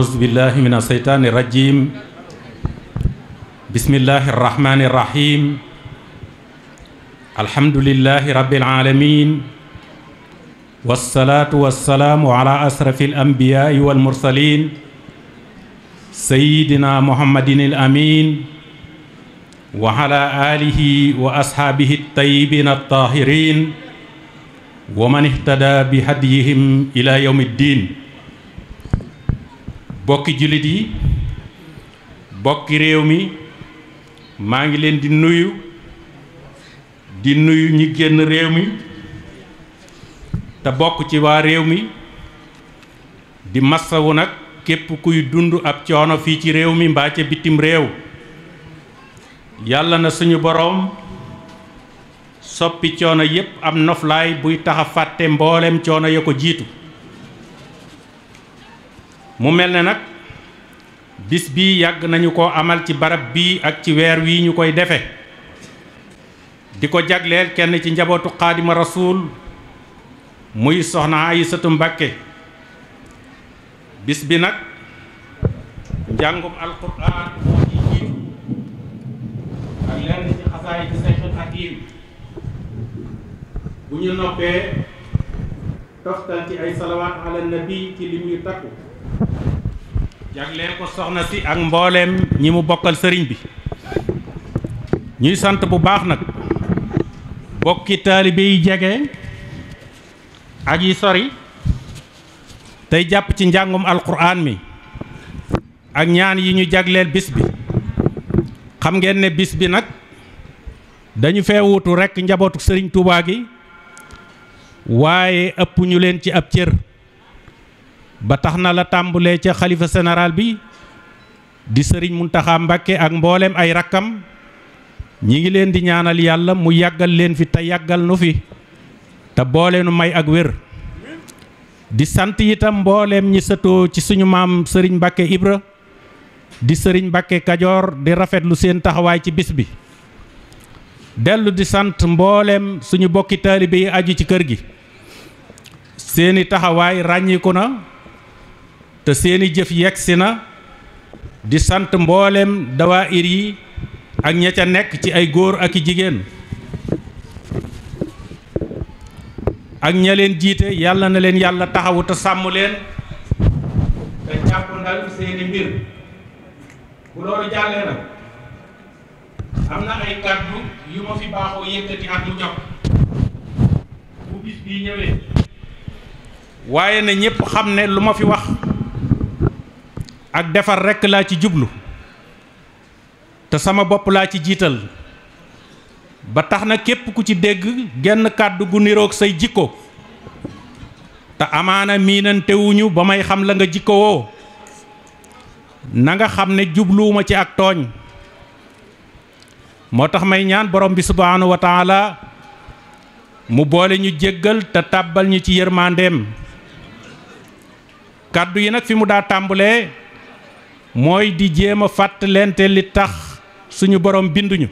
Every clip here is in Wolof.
أعوذ بالله من الشيطان الرجيم بسم الله الرحمن الرحيم الحمد لله رب العالمين والصلاة والسلام على أشرف الأنبياء والمرسلين سيدنا محمد الأمين وعلى آله وأصحابه الطيبين الطاهرين ومن اهتدى بهديهم إلى يوم الدين bokki jullit yi bokki réew mi maa ngi leen di nuyu di nuyu ñi génn réew mi te bokk ci waa réew mi di massawu nag képp kuy dund ab coono fii ci réew mi mbaa ca bitim réew yàlla na suñu boroom soppi coono yépp am noflaay buy tax a fàtte mboolem coono ya ko jiitu mu mel ne nag bis bi yàgg nañu ko amal ci barab bii ak ci weer wi ñu koy defe di ko jagleel kenn ci njabootu xaadima rasuul muy soxna Aysatu Mbàkke bis bi nag njàngum alquraan moo ci jiitu ak lenn ci xasaay ci Seyxul Xakiim bu ñu noppee toftal ci ay salawaat ala nabi ci lim takku jagleel ko soxna si ak mbooleem ñi mu bokkal sëriñ bi ñuy sant bu baax nag bokki taalibe yi jege ak yi sori tey jàpp ci njàngum alquran mi ak ñaan yi ñu jagleel bis bi xam ngeen ne bis bi nag dañu fee wuutu rekk njabootu sëriñ Tuubaa gi waaye ëpp ñu leen ci ab cër ba tax na la tàmbulee ca xalifa général bi di sëriñ Muntaxa Mbàkke ak mbooleem ay rakkam ñi ngi leen di ñaanal yàlla mu yàggal leen fi te yàggal nu fi te booleenu may ak wér di sant itam mbooleem ñi sëtoo ci suñu maam sëriñ Mbàkke Ibra di sëriñ Mbàkke Kajoor di rafetlu seen taxawaay ci bis bi dellu di sant mbooleem suñu bokki taalibe yi aju ci kër gi seeni taxawaay ràññiku na te seeni jëf yegsi na di sant mboolem dawaayir yi ak ña ca nekk ci ay góor ak i jigéen ak ña leen jiite yàlla na leen yàlla taxawu te sàmm leen te jàpp ndal seeni mbir bu loolu jàllee na am na ay kàddu yu ma fi baaxoo yëkkati at mu jox bu bis bii ñëwee waaye na ñépp xam ne lu ma fi wax ak defar rekk laa ci jublu te sama bopp laa ci jiital ba tax na képp ku ci dégg genn kàddu gu niroog say jikko te amaana miinantewuñu ba may xam la nga jikko nanga xam ne jubluwuma ci ak tooñ moo tax may ñaan borom bi subhaanahu wa mu boole ñu jéggal te tàbbal ñu ci yërmandeem kàddu yi nag fi mu daa tàmbulee mooy di jéem a fàttalente li tax suñu borom binduñu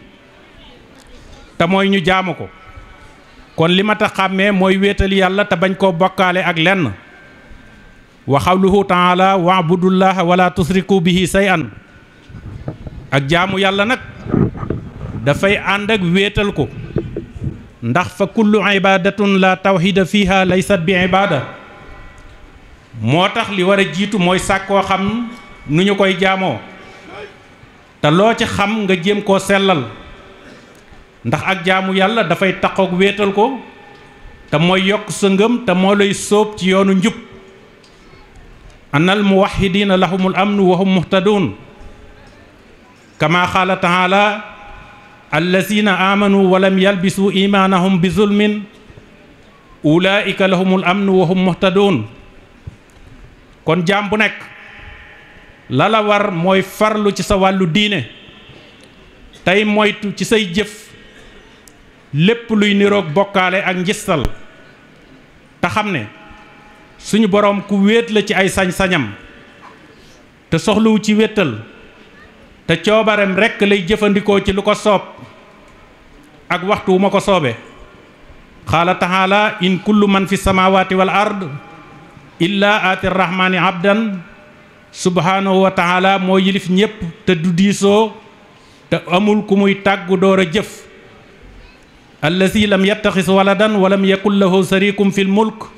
te mooy ñu jaamu ko kon li ma tax xàmmee mooy wéetal yàlla te bañ koo bokkaale ak lenn wa xawluhu taala waabudullaha wala tusriku bihi shay'an ak jaamu yàlla nag dafay ànd ak wéetal ko ndax fa kullu ibadatun la tawxida fiha laysat bi ibada moo tax li war a jiitu mooy sàkkoo xam nu ñu koy jaamoo te loo ci xam nga jéem koo sellal ndax ak jaamu yàlla dafay taqoog wéetal ko te mooy yokk sa ngëm te moo lay sóob ci yoonu njub anal muwaxidiina lahumul amnu wa hum muhtadun kama qaala taala allazina amanu walam yalbisu imaanahum bi zulmin ulaika lahumul amnu wa hum muhtadun kon jaam bu nekk la war mooy farlu ci sa wàllu diine tey moytu ci say jëf lépp luy niroog bokkaale ak njistal te xam ne suñu boroom ku wéet la ci ay sañ-sañam te soxluwu ci wéttal te coobareem rekk lay jëfandikoo ci lu ko soob ak waxtu wu ma ko soobe qaala taxaala in kullu man fi samaawaati wal ard illaa aati rahmaani abdan subhaanahu wa moo yilif ñépp te du diisoo te amul ku muy tàggu door a jëf allazi lam yattaxis waladan walam yakun lahu sarikum fi l mulk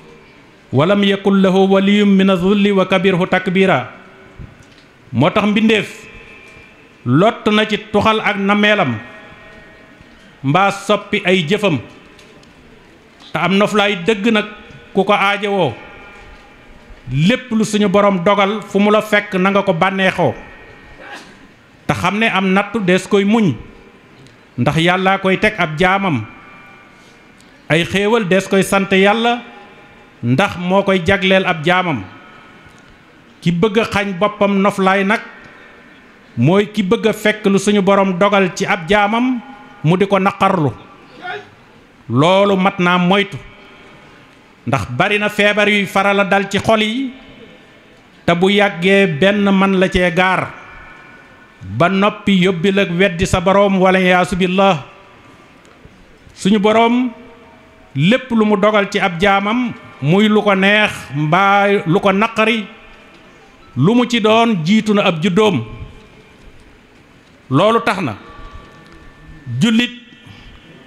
walam yakun lahu waliyum min azulli wa kabirhu takbira moo tax mbindéef lott na ci tuxal ak nameelam mbaa soppi ay jëfam te am noflaay dëgg nag ku ko aajowoo lépp lu suñu borom dogal fu mu la fekk nanga ko bànneexoo te xam ne am nattu des koy muñ ndax yàllaa koy teg ab jaamam ay xéewal dees koy sant yàlla ndax moo koy jagleel ab jaamam ki bëgg xañ boppam noflaay nag mooy ki bëgg fekk lu suñu borom dogal ci ab jaamam mu di ko naqarlu loolu mat naa moytu ndax bari na feebar yuy faral a dal ci xol yi te bu yàggee benn man la cee gaar ba noppi yóbbil ak weddi sa boroom wala yaasu suñu boroom lépp lu mu dogal ci ab jaamam muy lu ko neex mbaa lu ko naqari lu mu ci doon jiitu na ab juddoom loolu tax na jullit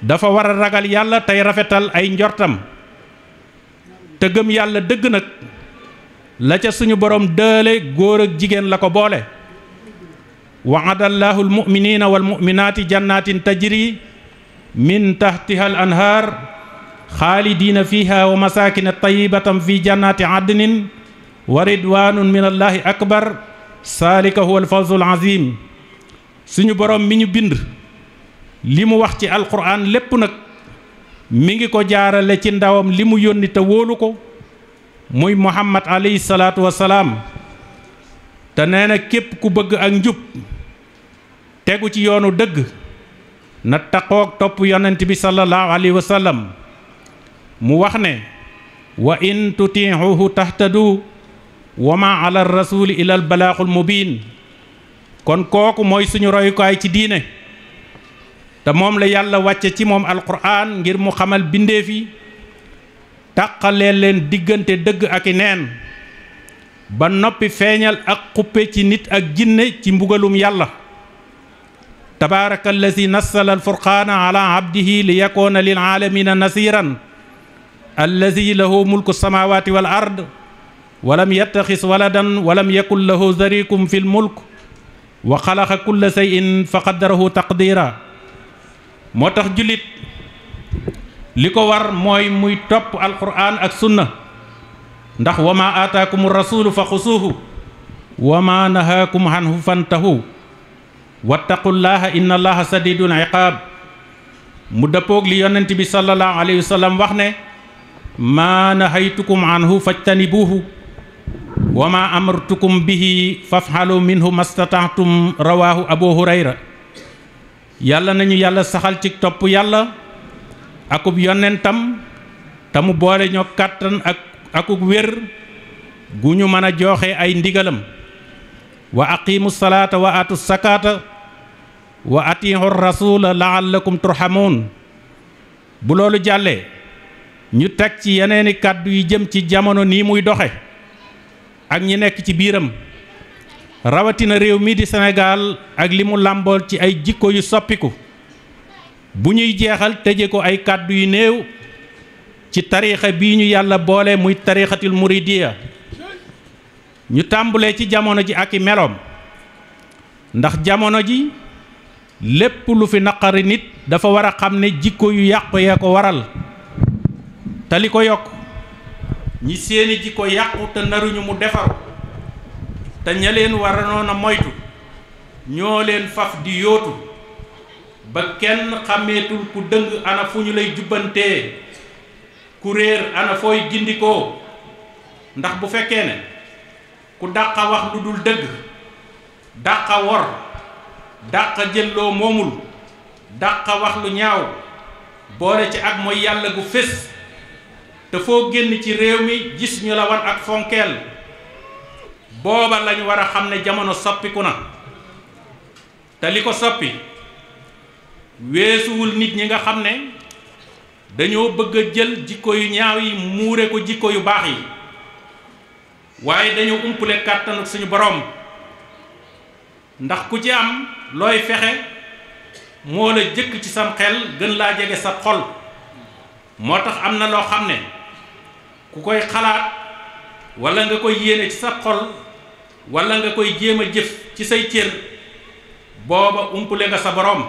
dafa war a ragal yàlla tey rafetal ay njortam te yàlla dëgg nag la ca suñu borom dële góor ak jigéen la ko boole waada allahu almuminina walmuminaati jannatin tajri min tahtiha al anhaar xaalidina fiha wa masakina tayibatan fi jannati adnin wa ridwanun min allahi akbar saalika huwa alfawzu alazim suñu borom bind li mu wax ci alquran mi ngi ko jaarale ci ndawam li mu yónni te wóolu ko muy muhammad alayhi salaatu wasalaam te nee na képp ku bëgg ak njub tegu ci yoonu dëgg na taqoog topp yonent bi sallallahu alayhi wa sallam mu wax ne wa in tutiihuhu tahtadu wa ma ala rasuli ila al balaaxul mubiin kon kooku mooy suñu royukaay ci diine te moom la yàlla wàcce ci moom alquran ngir mu xamal bindeef yi tàqalee leen diggante dëgg ak i ba noppi feeñal ak xuppe ci nit ak jinne ci mbugalum yàlla tabaraka allazi nassala alfurqaana ala abdihi li yakoona lil aalamina nasiran allazi lahu mulku samawati wal ard walam yattaxis waladan walam yakun lahu zarikum fi lmulk wa xalaqa kulla cheyin fa qaddarahu taqdira moo tax jullit li ko war mooy muy topp alquran ak sunna ndax wa ma aataakum rasulu fa xusuuhu wa ma nahaakum anhu fantahu wattaqullaha inna allaha sadidul iqaab mu dëppoog li yonent bi wax ne maa nahaytukum anhu fajtanibuuhu wa ma amartukum bihi fafxalu minhu mastataatum rawaahu abu hurayra yàlla nañu yàlla saxal ci topp yàlla akub yonentam tamu boole ñoo kàttan ak akub wér gu ñu mën a jooxe ay ndigalam wa aqimu salaata wa atu sakaata wa atiixu rasula laallakum turhamuun bu loolu jàllee ñu teg ci yeneeni kàddu yi jëm ci jamono nii muy doxe ak ñi nekk ci biiram rawatina réew mii di Sénégal ak li mu làmbool ci ay jikko yu soppiku bu ñuy jeexal tëje ko ay kàddu yu néew ci tariixa bii ñu yàlla boole muy tariixatul muridiya ñu tàmbulee ci jamono ji ak i meloom ndax jamono ji lépp lu fi naqari nit dafa war a xam ne jikko yu yàqu yee ko waral te li ko yokk ñi seeni jikko yàqu te naruñu mu defar te ña leen waranoon a moytu ñoo leen faf di yootu ba kenn xàmmeetul ku dëng ana fu ñu lay jubbantee ku réer ana fooy gindikoo ndax bu fekkee ne ku dàqa wax lu dul dëgg dàq wor dàq jëlloo moomul dàq wax lu ñaaw boole ci ak mooy yàlla gu fés te foo génn ci réew mi gis ñu la wan ak fonkeel booba lañu war a xam ne jamono soppiku na te li ko soppi weesuwul nit ñi nga xam ne dañoo bëgg a jël jikko yu ñaaw yi muure ko jikko yu baax yi waaye dañu umpule kàttanu suñu boroom ndax ku ci am looy fexe moo la jëkk ci sam xel gën laa jege sa xol moo tax am na loo xam ne ku koy xalaat walla nga koy yéene ci sa xol wala nga koy jéem a jëf ci say cër booba umpule nga sa boroom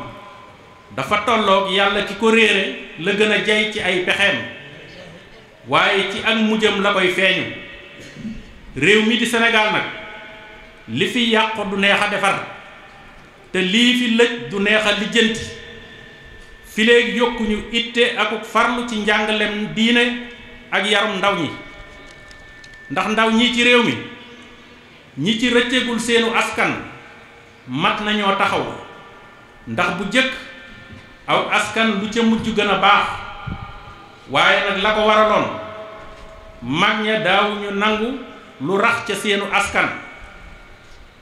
dafa tolloog yàlla ci ko réere la gën a jay ci ay pexeem waaye ci ak mujjam la koy feeñu réew mi di Sénégal nag li fi yàqu du neex a defar te lii fi lëj du neex a lijjanti fileeg yokkuñu itte akuk farlu ci njàngalem diine ak yarum ndaw ñi ndax ndaw ñii ci réew mi ñi ci rëccegul seenu askan mat nañoo taxaw ndax bu jëkk aw askan lu ca mujj gën a baax waaye la ko waraloon mag ña daawuñu nangu lu rax ca seenu askan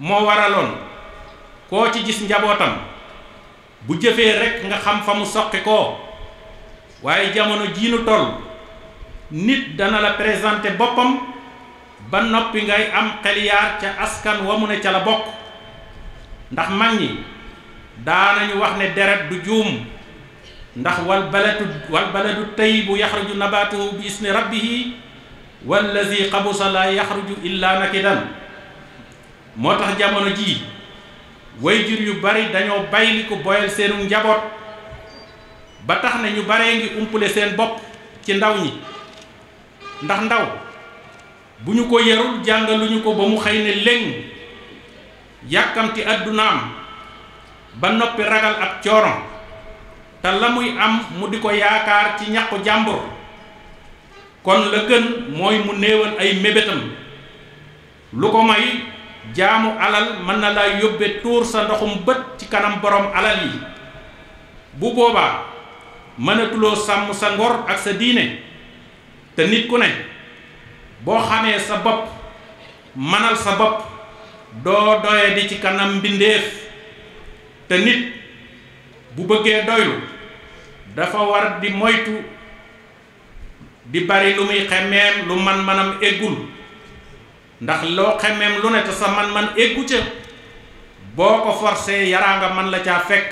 moo waraloon koo ci gis njabootam bu jëfee rekk nga xam fa mu soqi koo waaye jamono jii nu toll nit dana la présenter boppam ba noppi ngay am xeliyaar ca askan wa mu ne ca la bokk ndax mag ñi daanañu wax ne deret du juum ndax wal baladu wal baladu tayyibu yaxruju nabaatuhu bi rab rabbihi wallazi xabusa la yaxruju illa nakidan moo tax jamono jii wayjur yu bari dañoo bayliku boyal seenu njaboot ba tax na ñu baree ngi umpule seen bopp ci ndaw ñi ndax ndaw bu ñu ko yarul jàngaluñu ko ba mu xëy ne lëng yàkkamti àddunaam ba noppi ragal ab coorom te la muy am mu di ko yaakaar ci ñàqu jàmbur kon la gën mooy mu néewal ay mébétam lu ko may jaamu alal mën na laa yóbbe tuur sa ndoxum bët ci kanam boroom alal yi bu boobaa mënatuloo sàmm sa ngor ak sa diine te nit ku ne boo xamee sa bopp manal sa bopp doo doye di ci kanam mbindeef te nit bu bëggee doylu dafa war di moytu di bari lu muy xemmeem lu man-manam éggul ndax loo xemmeem lu ne te sa man-man éggu ca boo ko forcé yaraa nga man la caa fekk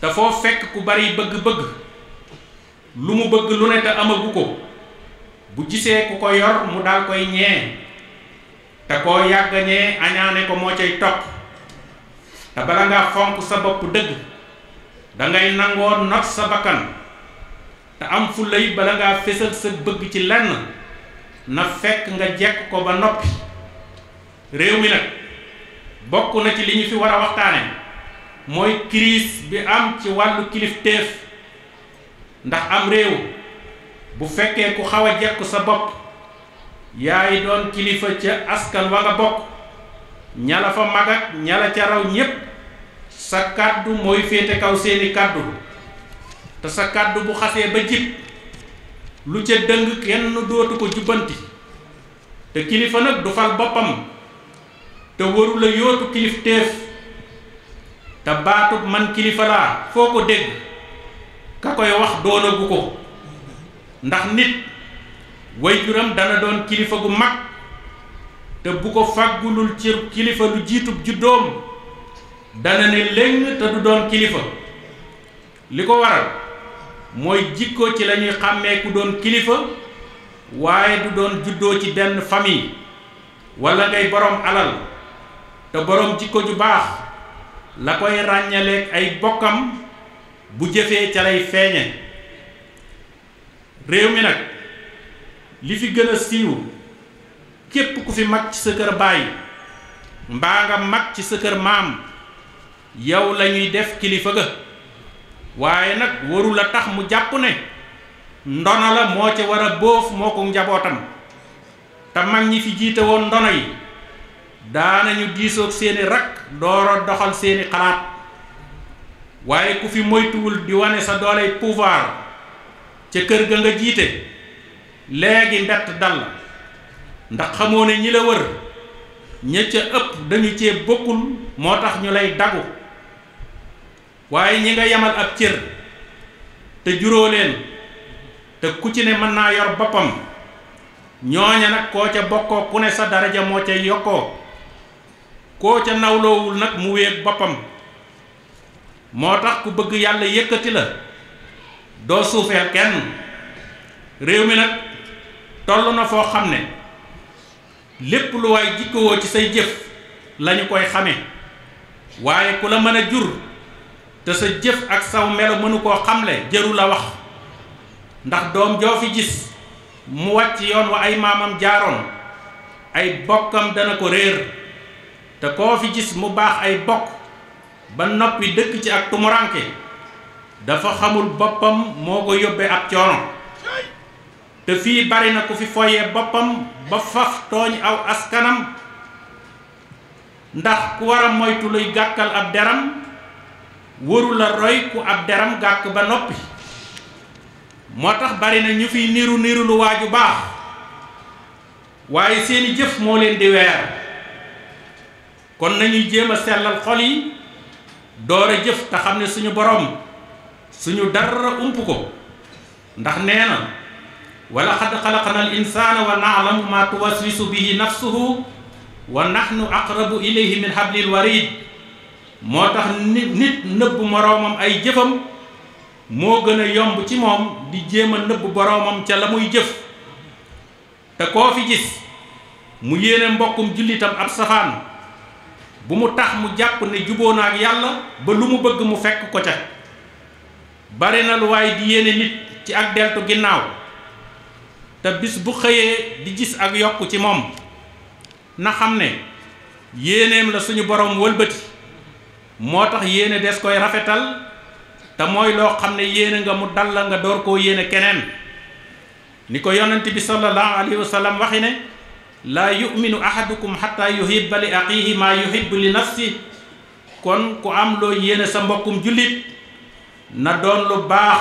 te foo fekk ku bari bëgg-bëgg lu mu bëgg lu ne te amagu ko bu gisee ku ko yor mu dal koy ñee te koo yàgg ñee añaane ko moo cay topp te bala ngaa fonk sa bopp dëgg dangay nangoo not sa bakkan te am fulla yi bala ngaa fésal sa bëgg ci lenn na fekk nga jekk ko ba noppi réew mi nag bokk na ci li ñu fi war a waxtaane mooy crise bi am ci wàllu kilifteef ndax am réew bu fekkee ku xaw jekku sa bopp yaay doon kilifa ca askan wa nga bokk ñala fa mag ñala ca raw ñépp sa kàddu mooy féete kaw seeni kàddu te sa kàddu bu xasee ba jib lu ca dëng kenn dootu ko jubbanti te kilifa nag du fal boppam te warula yootu kilif teef te baatub man kilifa laa foo ko dégg ka koy wax doonagu ko ndax nit wayjuram dana doon kilifa gu mag te bu ko fàggulul ci kilifa lu jiitub juddoom dana ne léng te du doon kilifa li ko waral mooy jikko ci lañuy xàmmeeku doon kilifa waaye du doon juddoo ci benn famille walla ngay boroom alal te boroom jikko ju baax la koy ràññaleeg ay bokkam bu jëfee ca lay feeñe réew mi nag li fi gën a siiw képp ku fi mag ci sa kër baay mbaa nga mag ci sa kër maam yow lañuy def kilifa ga waaye nag warul a tax mu jàpp ne ndono la moo ca war a bóof moo ko njabootam te mag ñi fi jiite woon ndono yi daanañu diisoog seeni rakk doora doxal seeni xalaat waaye ku fi moytuwul di wane sa dooley pouvoir ca kër ga nga jiite léegi mbett dal ndax xamoo ne ñi la wër ña ca ëpp dañu cee bokkul moo tax ñu lay dagu waaye ñi nga yamal ab cër te juróo te ku ci ne mën naa yor boppam ñooña nag koo ca bokkoo ku ne sa daraja moo ca yokkoo koo ca nawloowul nag mu wéeg boppam moo tax ku bëgg yàlla yëkkati la doo suufeel kenn réew mi nag toll na foo xam ne lépp lu waay jikkowoo ci say jëf lañu koy xame waaye ku la mën a jur te sa jëf ak saw melo mënu koo xamle jëru la wax ndax doom joo fi gis mu wàcc yoon wa ay maamam jaaroon ay bokkam dana ko réer te koo fi gis mu baax ay bokk ba noppi dëkk ci ak tumuranke dafa xamul boppam moo ko yóbbee ak coono te fii bari na ku fi foyee boppam ba faf tooñ aw askanam ndax ku war moytu luy gàkkal ab deram waru la roy ku ab deram gàkk ba noppi moo tax bari na ñu fiy niru niru lu waaju baax waaye seeni jëf moo leen di weer kon nañuy jéem a sellal xol yi door a jëf te xam ne suñu boroom suñu dara ump ko ndax nee na wa laqad xalaqna al insana wa naalamu ma tuwaswisu bihi nafsuhu wa nahnu aqrabu ilayhi min hablil warid moo tax nit nit nëbb moroomam ay jëfam moo gën a yomb ci moom di jéem a nëbb boroomam ca la muy jëf te koo fi gis mu yéene mbokkum jullitam ab safaan bu mu tax mu jàpp ne juboo na ak yàlla ba lu mu bëgg mu fekk ko ca bari na lu waay di yéene nit ci ak deltu ginnaaw te bis bu xëyee di gis ak yokk ci moom na xam ne yéeneem la suñu boroom wëlbati moo tax yéene des koy rafetal te mooy loo xam ne yéene nga mu dal la nga door koo yéene keneen ni ko yonent bi sallallahu alayhi wa sallam waxi ne laa yuminu ahadukum xatta yuhibba li axiihi maa yuhibbu li nafsi kon ku am loo yéene sa mbokkum jullit na doon lu baax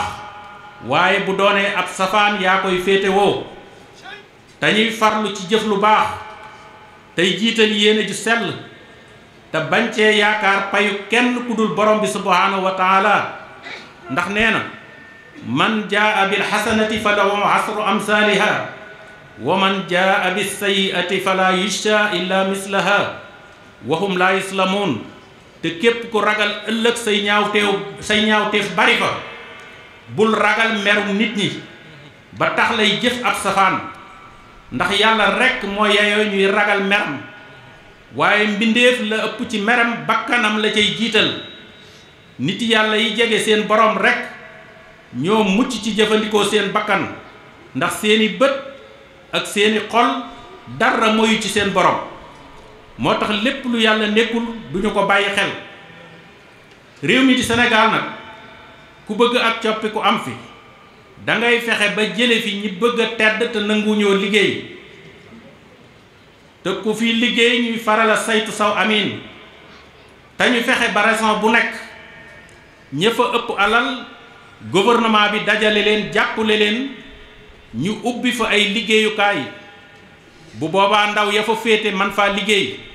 waaye bu doonee ab safaan yaa koy féetewoo dañuy farlu ci jëf lu baax tey jiital yéene ju sell te bañ yaakaar payu kenn ku dul borom bi subhaanahu ndax nee na man jaa bil xasanati fa lahu asru amsaaliha wa la yuslamuun te képp ku ragal ëllëg say ñaaw teew say ñaaw bari fa bul ragal merum nit ñi ba tax lay jëf ab safaan ndax yàlla rekk moo yeyoo ñuy ragal meram waaye mbindeef la ëpp ci meram bakkanam la cay jiital nit yàlla yi jege seen boroom rekk ñoo mucc ci jëfandikoo seen bakkan ndax seeni bët ak seeni xol dara moyu ci seen borom moo tax lépp lu yàlla nekkul du ko bàyyi xel réew mi di senegaal nag ku bëgg ak coppi ku am fi dangay fexe ba jële fi ñi bëgg a tedd te nanguñoo liggéey te ku fi liggéey ñuy faral a saytu saw amin te ñu fexe ba raison bu nekk ña fa ëpp alal gouvernement bi dajale leen jàppale leen ñu ubbi fa ay liggéeyukaay bu boobaa ndaw ya fa féete man faa liggéey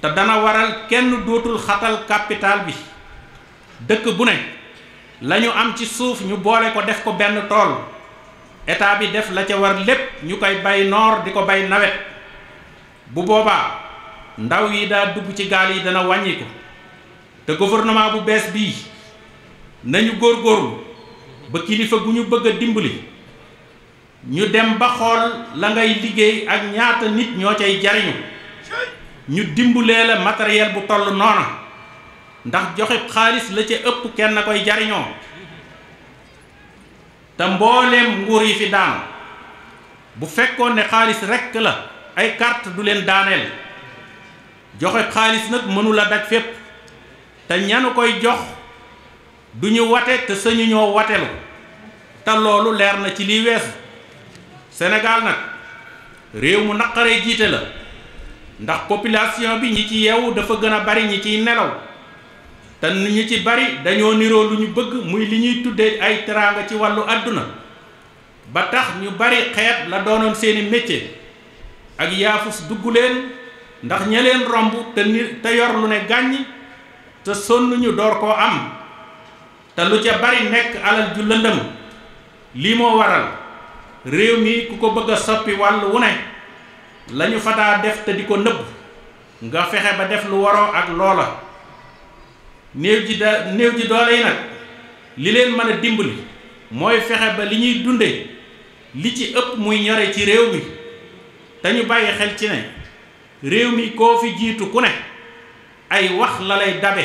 te dana waral kenn dootul xatal capital bi dëkk bu ne lañu am ci suuf ñu boole ko def ko benn tool état bi def la ca war lépp ñu koy bay noor di ko bay nawet bu boobaa ndaw yi daa dugg ci gaal yi dana wàññiku te gouvernement bu bees bii nañu góorul ba kilifa gu ñu bëgg a dimbali ñu dem ba xool la ngay liggéey ak ñaata nit ñoo cay jariñu ñu dimbulee la matériel bu toll noona ndax joxe xaalis la ca ëpp kenn koy jariñoo te mbooleem nguur yi fi daanu bu fekkoon ne xaalis rekk la ay kàrt du leen daaneel joxe xaalis nag mënula daj fépp te ñanu koy jox du ñu wate te sañu ñoo watelu te loolu leer na ci liy weesu Sénégal nag réew mu naqaree jiite la ndax population bi ñi ci yeewu dafa gën a bari ñi ciy nelaw te ñi ci bari dañoo niroo lu ñu bëgg muy li ñuy tuddee ay teraanga ci wàllu àdduna ba tax ñu bari xeet la doonoon seeni métier ak yaafus dugg leen ndax ña leen romb te ni te yor lu ne gàññ te sonn ñu door koo am te lu ca bari nekk alal ju lëndëm lii moo waral réew mi ku ko bëgg a soppi wàll wu ne lañu ñu fataa def te di ko nëbb nga fexe ba def lu waroo ak loola néew ji da néew ji doole yi nag li leen mën a dimbali mooy fexe ba li ñuy dunde li ci ëpp muy ñore ci réew mi te bàyyi xel ci ne réew mi koo fi jiitu ku ne ay wax la lay dabe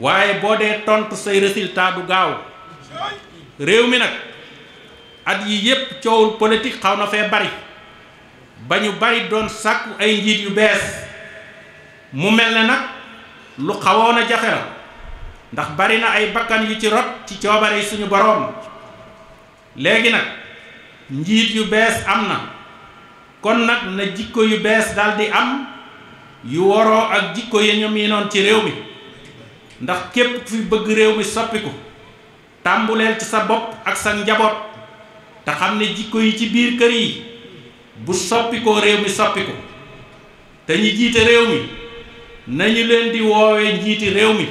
waaye boo dee tontu say résultat bu gaaw réew mi nag at yi yépp coowul politique xaw na fee bari ba ñu bari doon sàkku ay njiit yu bees mu mel na nag lu xawoon a jafe la ndax bari na ay bakkan yu ci rot ci coobare yi suñu boroom léegi nag njiit yu bees am na kon nag na jikko yu bees daldi am yu waroo ak jikko yi ñu miinoon ci réew mi ndax képp fi bëgg réew mi soppiku tàmbuleel ci sa bopp ak sa njaboot te xam ne jikko yi ci biir kër yi bu soppi ko réew mi soppi te ñi jiite réew mi nañu leen di woowee njiiti réew mi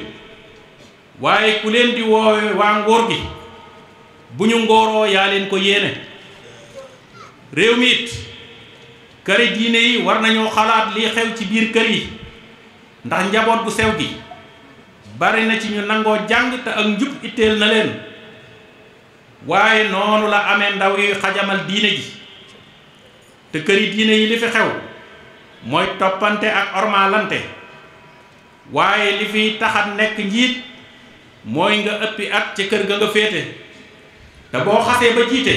waaye ku leen di woowee waa ngóor gi bu ñu ngooroo yaa leen ko yéene réew mi it këri diine yi war nañoo xalaat li xew ci biir kër yi ndax njaboot bu sew gi bari na ci ñu nangoo jàng te ak njub itteel na leen waaye noonu la amee ndaw yi xajamal diine gi te këri diine yi li fi xew mooy toppante ak ormalante waaye li fiy taxat nekk njiit mooy nga ëppi at ci kër ga nga féete te boo xasee ba jiite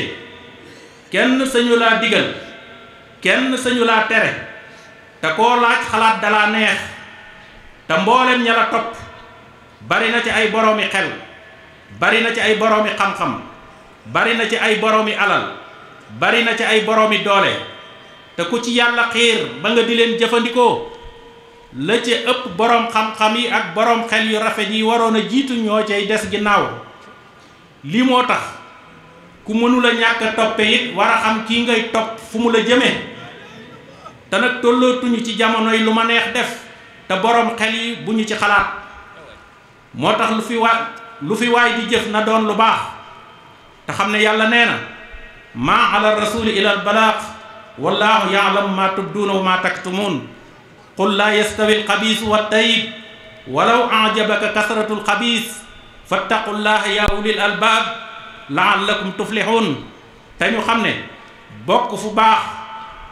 kenn sañu laa digal kenn sañu laa tere te koo laaj xalaat dalaa neex te mboolem ña la topp bari na ci ay boroomi xel bari na ci ay boroomi xam-xam bari na ci ay boroomi alal bari na ci ay boroomi doole te ku ci yàlla xiir ba nga di leen jëfandikoo la ca ëpp boroom xam-xam yi ak boroom xel yu rafet yi waroon a jiitu ñoo cay des ginnaaw lii moo tax ku mënula ñàkk a toppe it war a xam kii ngay topp fu mu la jëmee te nag tollootuñu ci jamonoy lu ma neex def te boroom xel yi bu ñu ci xalaat moo tax lu fi waay lu fi waay di jëf na doon lu baax te xam ne yàlla nee na maa ala ilal balaax wallaahu yaalam maa tubduuna wa maa taktumuun qul laa yastawi alxabiisu wattayib walaw ajabaka kasratu alxabiis fattaqu llaha yaa ulil albaab laallakum tuflixuun te ñu xam ne bokk fu baax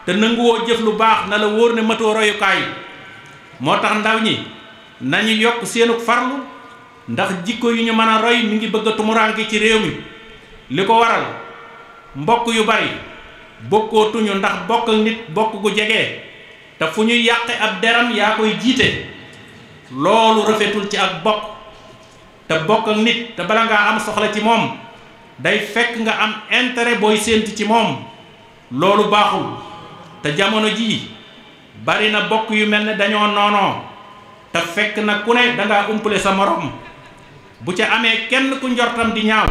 te nanguwoo jëf lu baax na la wóor ne matoo royukaay moo tax ndaw ñi nañu yokk seenug farlu ndax jikko yu ñu mën a roy mi ngi bëgg tumuraanke ci réew mi li ko waral mbokk yu bari bokkootuñu ndax bokk nit bokk gu jege te fu ñuy yàqe ab deram yaa koy jiite loolu rafetul ci ak bokk te bokk nit te bala ngaa am soxla ci moom day fekk nga am intérêt booy séentu ci moom loolu baaxul te jamono jii bari na bokk yu mel ni dañoo noono te fekk na ku ne dangaa umpale sa morom bu ca amee kenn ku njortam di ñaaw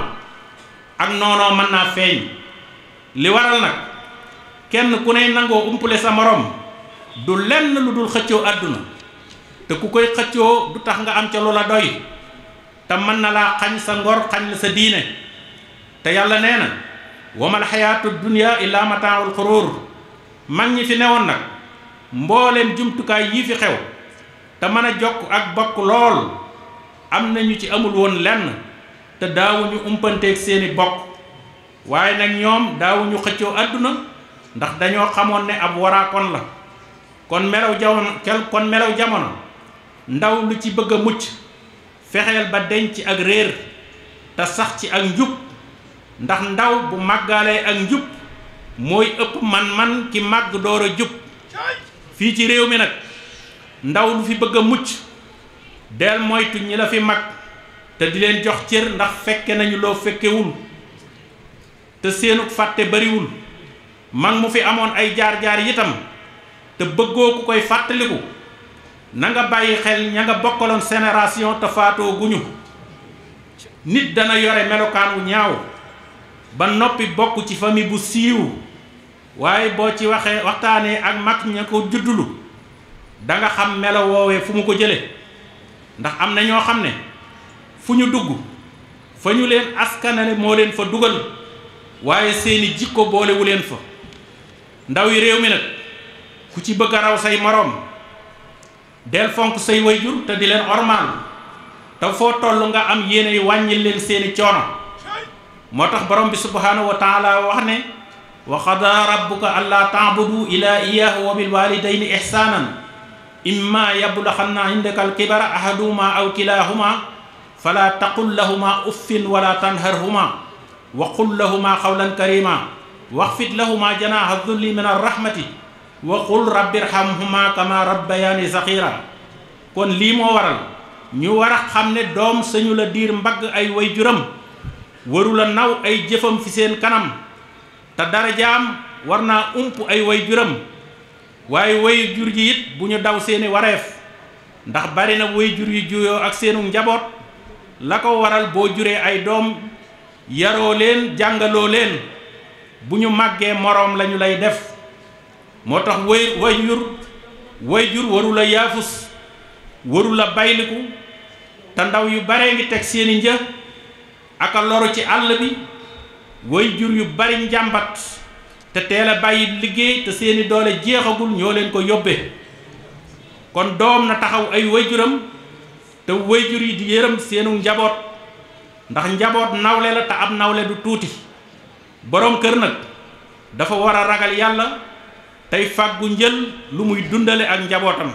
ak noonoo mën naa feeñ li waral nag kenn ku ne nangoo umpule sa morom du lenn lu dul xëccoo àdduna te ku koy xëccoo du tax nga am ca lu la doy te mën na laa xañ sa ngor xañ la sa diine te yàlla nee na wamal xayaatu dunia illa mataawul xuruur mag ñi fi newoon nag mbooleem jumtukaay yii fi xew te mën a jokk ak bokk lool am na ñu ci amul woon lenn te daawuñu umpanteeg seeni bokk waaye nag ñoom daawuñu xëccoo àdduna ndax dañoo xamoon ne ab waraakon la kon melaw jamono melaw jamono ndaw lu ci bëgg a mucc fexeel ba denc ak réer te sax ci ak njub ndax ndaw bu màggaalee ak njub mooy ëpp man-man ki màgg door a jub fii ci réew mi nag ndaw lu fi bëgg a mucc del moytu ñi la fi mag te di leen jox cër ndax fekke nañu loo fekkewul te seenuk fàtte bariwul man mu fi amoon ay jaar-jaar yitam te bëggoo ku koy fàttaliku nanga nga bàyyi xel ña nga bokkaloon génération te faatoo guñu nit dana yore melokaan wu ñaaw ba noppi bokk ci famille bu siiw waaye boo ci waxee waxtaanee ak mag ña ko juddulu danga xam melo woowe fu mu ko jële ndax am na ñoo xam ne fu ñu dugg fa ñu leen ne moo leen fa dugal waaye seeni jikko boolewu leen fa ndaw yi réew mi nag ku ci bëgg a raw say moroom del fonk say wayjur te di leen ormaal te foo toll nga am yéene wàññil leen seeni coono moo tax borom bi subhaanahu wa taala wax ne wa qadaa rabbuka allaa taabudu ilaa iyaahu wa bil waalidayni ihsaanan imma yablughanna indaka al-kibara ahaduhumaa aw kilaahumaa falaa taqul lahumaa uffin wala tanharhumaa wa qul lahumaa qawlan kariimaa wax waxfid lahumaa janaaha dulli min arrahmati wa qul rabbirhamhuma kama rabbayaani saxiira kon lii moo waral ñu war a xam ne doom sañu la diir mbagg ay way juram warula naw ay jëfam fi seen kanam te darajaam war naa ump ay way juram waaye woy jur ji it bu ñu daw seeni wareef ndax bari na woy jur yi juyoo ak seenu njaboot la ko waral boo juree ay doom yaroo leen jàngaloo leen bu ñu màggee moroom lañu lay def moo tax way way jur way jur waru la yaafus waru la bayliku te ndaw yu baree ngi teg seeni një aka loru ci àll bi way jur yu bari njàmbat te teel a bàyyi liggéey te seeni doole jeexagul ñoo leen ko yóbbee kon doom na taxaw ay juram te wayjur yi di yërëm seenu njaboot ndax njaboot nawle la te ab nawle du tuuti boroom kër nag dafa war a ragal yàlla tey fàggu njël lu muy dundale ak njabootam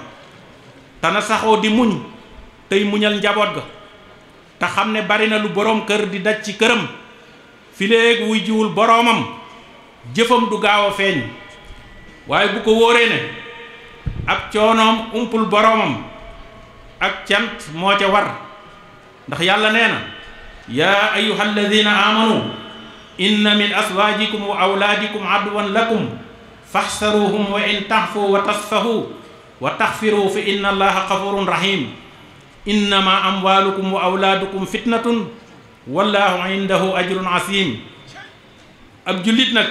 te na saxoo di muñ tey muñal njaboot ga te xam ne bari na lu boroom kër di daj ci këram fileeg wuy jiwul boroomam jëfam du gaaw a feeñ waaye bu ko wóoree ne ab coonoom umpul boroomam ak cant moo ca war ndax yàlla nee na yaa ayyuha alladina amanu inna min aswaajikum wa awlaadikum aduwan lakum faxsaruhum wa in taxfu wa tasfahu wa taxfiru fa inna allaha xafurun rahim innama amwaalukum wa awlaadukum fitnatun wallaahu indahu ajrun asim ab jullit nag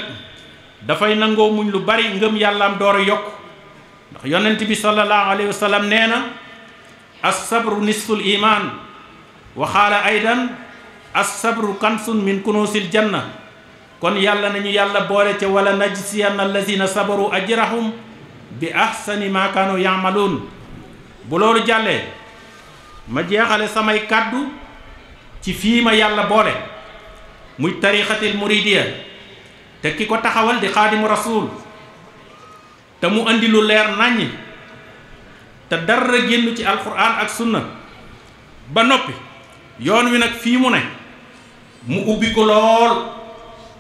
dafay nangoo muñ lu bari ngëm yàllaam door a yokk ndax yonent bi sallallahu alayhi wa sallam nee na as sabru nisful iman wa qaala aydan as sabru kansun min kunuusil janna kon yàlla nañu yàlla boole ca wala najsiyanna allazina sabaru ajrahum bi ahsani ma kaanu yaamaluun bu loolu jàllee ma jeexale samay kàddu ci fii ma yàlla boole muy tarixatil muridiya te ki ko taxawal di xaadimu rasuul te mu andi lu leer nàññ te dara génn ci alquran ak sunna ba noppi yoon wi nag fii mu ne mu ubbi lool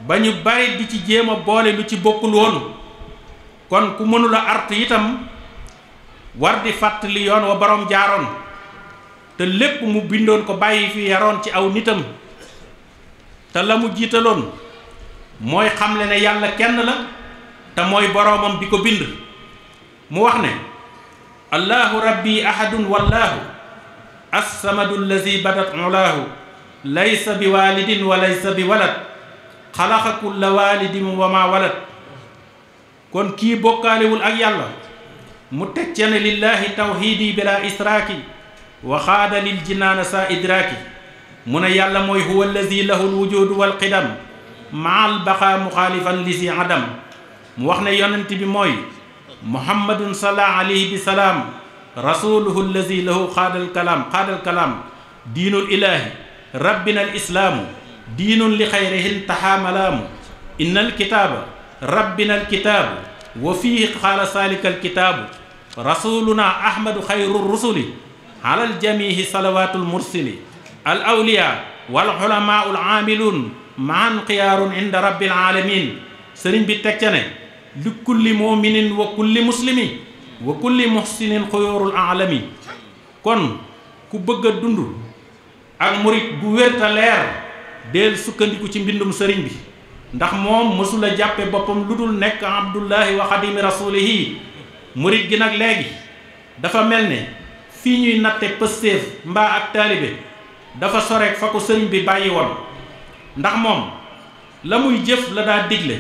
ba ñu bari di ci jéem a boole lu ci bokkul woon kon ku mënula art itam war di fàttali yoon wa boroom jaaroon te lépp mu bindoon ko bàyyi fi yaroon ci aw nitam te la mu jiitaloon mooy xamle ne yàlla kenn la te mooy boroomam bi ko bind mu wax ne allahu rabbi ahadun wallahu assamadu allazi badat ulaahu laysa bi wa laysa bi walad xalaqa kulla wa ma walad kon kii bokkaalewul ak yàlla mu teg ca ne lillahi tawxiidi bila israaki wa xaada lil jinaana saa idraaki mu ne yàlla mooy huwa allazi lahu lwujudu walqidam maal baqa muxaalifan li si adam mu wax ne yonent bi mooy muhammadun sala alayhi bi salaam rasuluhu allazi lahu xaadal kalaam xaadal kalaam diinul ilaahi rabbina al islaamu diinun li xayrihin taxaamalaamu inna al kitaaba rabbina al kitaabu wa fiihi xaala saalika al kitaabu rasuluna ahmadu xayru rusuli alal jamihi salawaatul mursili al awliyaa wal xulamaa ul aamiluun maan xiyaarun inda rabbil aalamiin sëriñ bi teg ca ne li kulli muuminin wa kulli muslimi wa kulli muxsinin xuyoorul aalami kon ku bëgg a dund ak murit bu wérta leer deel sukkandiku ci mbindum sëriñ bi ndax moom mësula jàppe boppam lu dul nekk abdullahi wa xadimi rasulihi murit gi nag léegi dafa mel ne fii ñuy natte pëstéef mbaa ak taalibe dafa soreek fa ko sëriñ bi bàyyi woon ndax moom la muy jëf la daa digle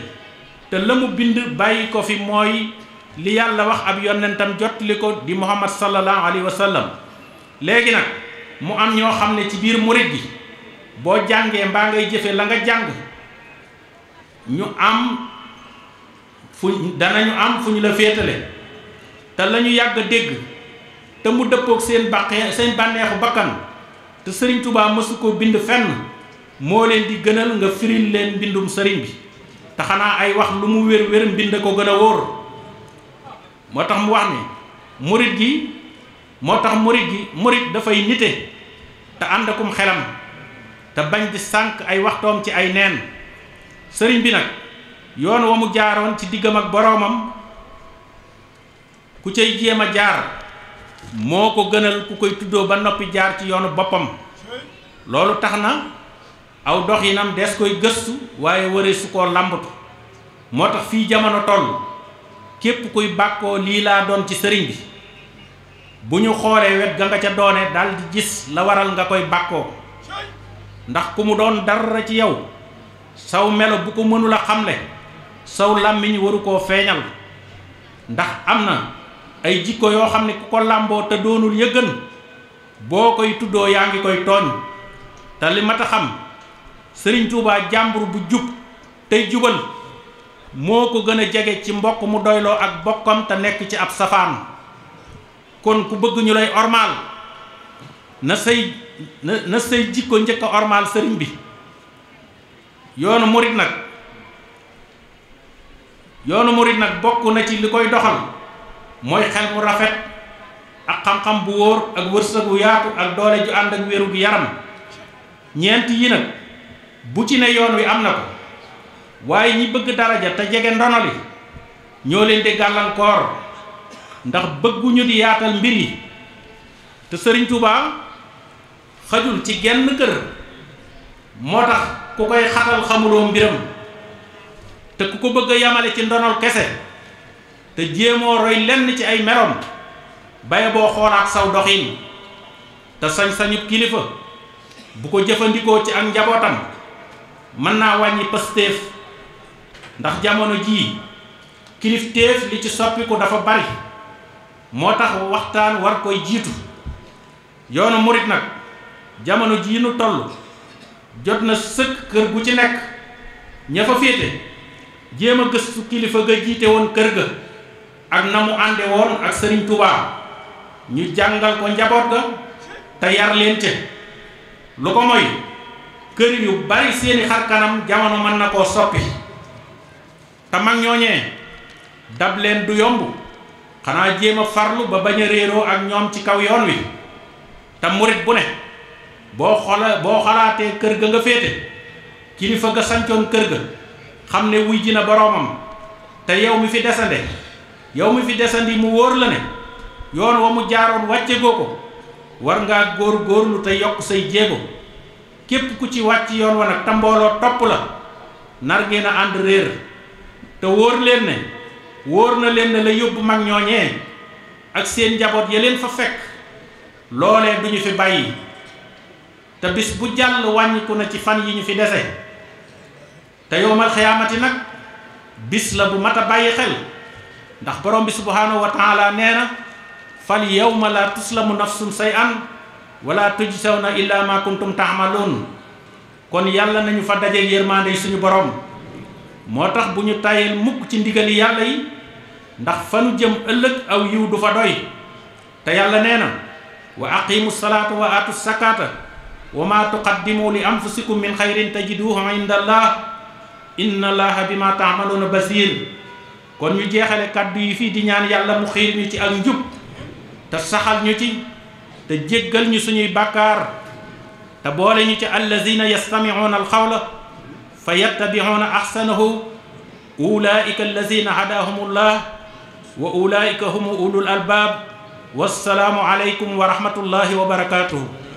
te la mu bind bàyyi ko fi mooy li yàlla wax ab yonentam jottali ko di muhammad sallallahu alayhi wa léegi nag mu am ñoo xam ne ci biir murit gi boo jàngee mbaa ngay jëfe la nga jàng ñu am fu danañu am fu ñu la féetale te lañu yàgg a dégg te mu dëppook seen baqee bànneexu bakkan te sëriñ Touba mësu ko bind fenn moo leen di gënal nga firil leen mbindum sëriñ bi te xanaa ay wax lu mu wér wér mbind ko gën a wóor moo tax mu wax ni murit gi moo tax murit gi murit dafay nite te ànd xelam te bañ di sànq ay waxtoom ci ay neen sëriñ bi nag yoon wa mu jaaroon ci diggam ak boroomam ku cay jéem a jaar moo ko gënal ku koy tuddoo ba noppi jaar ci yoonu boppam loolu tax na aw doxinam des koy gëstu waaye wëree su koo làmbatu moo tax fii jamono toll képp kuy bàkkoo lii laa doon ci sëriñ bi bu ñu xoolee wet ga nga ca doone daal di gis la waral nga koy bàkkoo ndax ku mu doon dara ci yow saw melo bu ko mënula xamle saw làmmiñ waru koo feeñal ndax am na ay jikko yoo xam ne ku ko làmboo te doonul yëgën boo koy tuddoo yaa ngi koy tonn te li mat a xam sëriñ Tuubaa jàmbur bu jub tey jubal moo ko gën a jege ci mbokk mu doyloo ak bokkam te nekk ci ab safaan kon ku bëgg ñu lay ormaal na say na na say jikko njëkk a ormaal sëriñ bi yoonu murit nag yoonu murit nag bokk na ci li koy doxal mooy xel mu rafet ak xam-xam bu wóor ak wërsëg wu yaatu ak doole ju ànd ak wéru gu yaram ñeent yi nag bu ci ne yoon wi am na ko waaye ñi bëgg daraja te jege ndono li ñoo leen di gàllankoor ndax bëgguñu di yaatal mbir yi te sëriñ Touba xajul ci genn kër moo tax ku koy xatal xamuloo mbiram te ku ko bëgg a yamale ci ndonol kese te jéemoo roy lenn ci ay merom baye boo xoolaat saw doxin te sañ-sañub kilifa bu ko jëfandikoo ci ak njabootam mën naa wàññi pëstéef ndax jamono jii kilifteef li ci soppiku dafa bari moo tax waxtaan war koy jiitu yoonu murit nag jamono jii nu toll jot na sëkk kër gu ci nekk ña fa féete jéem a gëstu kilifa ga jiite woon kër ga ak na mu ànde woon ak sëriñ Touba ñu jàngal ko njaboot ga te yar leen te lu ko mooy kër yu bari seeni xar kanam jamono mën na koo soppi te mag ñooñee dab leen du yomb xanaa jéem a farlu ba bañ a réeroo ak ñoom ci kaw yoon wi te murit bu ne boo xola boo xalaatee kër ga nga féete kilifa nga sancoon kër ga xam ne wuy ji na boroomam te yow mi fi desande yow mi fi desandi mu wóor la ne yoon wa mu jaaroon wàcce goo ko war ngaa góor góorlu te yokk say jéego képp ku ci wàcc yoon wa nag te topp la nar ngeen a ànd réer te wóor leen ne wóor na leen ne la yóbbu mag ñooñee ak seen njaboot ya leen fa fekk loolee du ñu fi bàyyi te bis bu jàll wàññiku na ci fan yi ñu fi dese te yowmal xiyaamati nag bis la bu mat a bàyyi xel ndax borom bi subhaanahu wa taala nee na fal yawma la tuslamu nafsun shay'an wala tujsawna illa ma kuntum taamaluun kon yàlla nañu fa daje yërmande suñu borom moo tax bu ñu tayel mukk ci ndigali yàlla yi ndax fanu jëm ëllëg aw yiw du fa doy te yàlla nee na wa aqimu salaata wa aatu sakaata wa maa tuqaddimu li anfusikum min xayrin tajiduhu inda allah bi allaha bima taamaluuna kon ñu jeexale kàddu yi fii di ñaan yàlla mu xiir ñu ci ak njub te saxal ñu ci te jéggal ñu suñuy bàkkaar te boole ñu ci allazina yastamicuuna alxawla fa yattabicuuna axsanahu ulaika allazina hadaahumullah wa ulaika hum ulul albaab wassalaamu aleykum wa rahmatullahi wa barakaatuhu